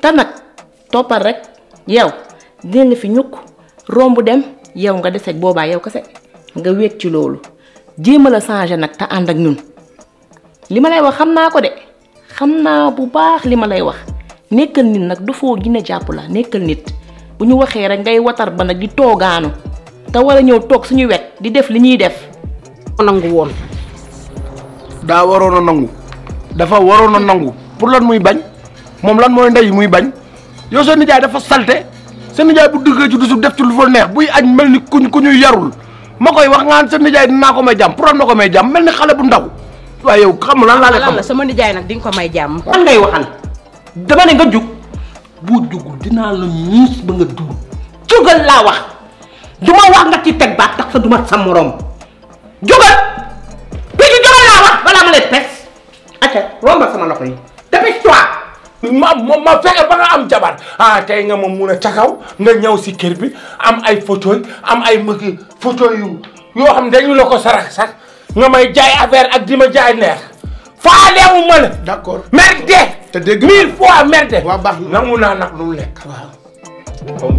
ta nak topal rek yow dina fi ñuk rombu dem yow nga des ak boba yow kasse nga wet ci lolu jema la changer nak ta and ak ñun lima lay wax xamna ko de xamna bu baax lima lay wax nekkal nit nak du japp la nekkal nit bu ñu rek ngay watar ba nak di togaanu ta wala ñew tok suñu wet di def li ñi def nangu won da warona nangu dafa warona nangu pour lan muy bañ mom lan moy ndey muy bañ yo sa jaay dafa salté sa jaay bu duggee ci dusu def ci lu vol neex buy añ melni kuñ kuñu yarul makoy wax ngaan sa jaay dina ko may jam pour nako may jam mel ni bu ndaw wa yow xam lan la lay xam la sama nijaay nak ding ko may jam lan ngay waxal dama ne nga jug bu dina la mus ba nga dugg jugal la wax duma wax nga ci teg ba tak fa duma sam sa morom jugal ci jugal la wax bala ma lay pes acca romba sama loxo yi dépêche-toi ma ma ma fexe ba nga am jabar ah tey nga ma mun a cakaw nga ñëw si kër bi am ay photo am ay mëki photo yu yoo xam dañu la ko sarax sax nga may jaay affaire ak di ma jaay neex faalewu ma la. d'accord merde. te dégg mille fois merde. waaw baax na nangu naa nag lu mu lekk. waaw.